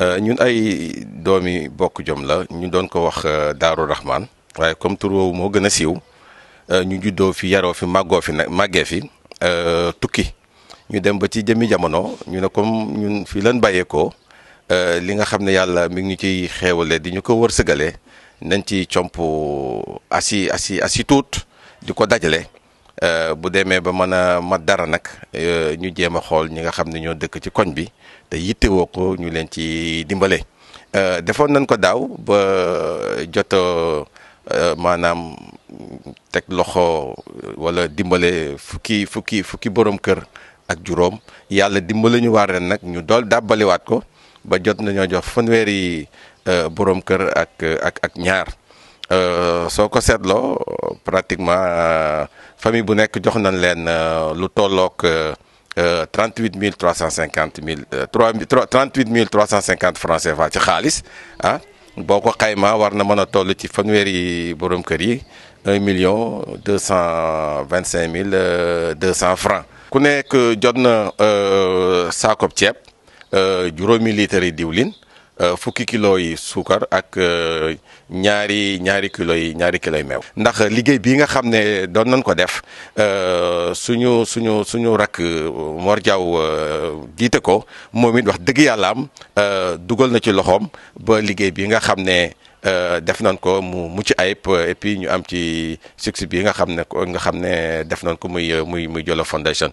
Euh, ñun ay doomi bokk jom la ñu doon ko wax euh, Daaru Rahman waaye comme tur moo gën a siiw euh, ñu juddoo fi yaroo fi màggoo fi nag màggee fi tukki ñu dem ba ci jëmi jamono ñu ne comme ñun fi lan bàyyeekoo li nga xam ne yàlla mi ngi ñu ciy xeewale di ñu ko wërsëgalee nañ ci comp assi assi asi tuut di ko dajale Euh, bu demee ba mën a mat dara nag euh, ñu jéem a xool ñi nga xam ne ñoo dëkk ci koñ bi te yittewoo ko ñu leen ci dimbale. Euh, defoon nañ ko daaw ba joto maanaam teg loxo wala dimbale fukki fukki fukki borom kër ak juróom yàlla dimbale ñu waar leen nag ñu dool dàbbaliwaat ko ba jot nañoo jox fanweeri borom kër ak ak ak ñaar soo ko seetloo pratiquement euh, famille bu nekk jox nañ leen euh, lu tollook 38 euh, mille cent cinquante mille 38 mille cent 350 francs CFA ci xaalis ah boo ko xayma war na mën a toll ci yi borom kër yi 1 million 225 mille 200 francs ku nekk jot na saakoob ceeb juróomi litre yi diwlin Euh, fukki kilo yi suukar ak euh, ñaari ñaari kilo yi ñaari kilo meew ndax liggéey bii nga xam ne doon nañ ko def euh, suñu suñu suñu rakk Mor Diaw jiite ko moom it wax dëgg yàlla am dugal na ci loxoom ba liggéey bi nga xam ne def nañ ko mu mucc ayib et ñu am ci succès bi nga xam ne nga xam ne def nañ ko muy muy muy Jolof Foundation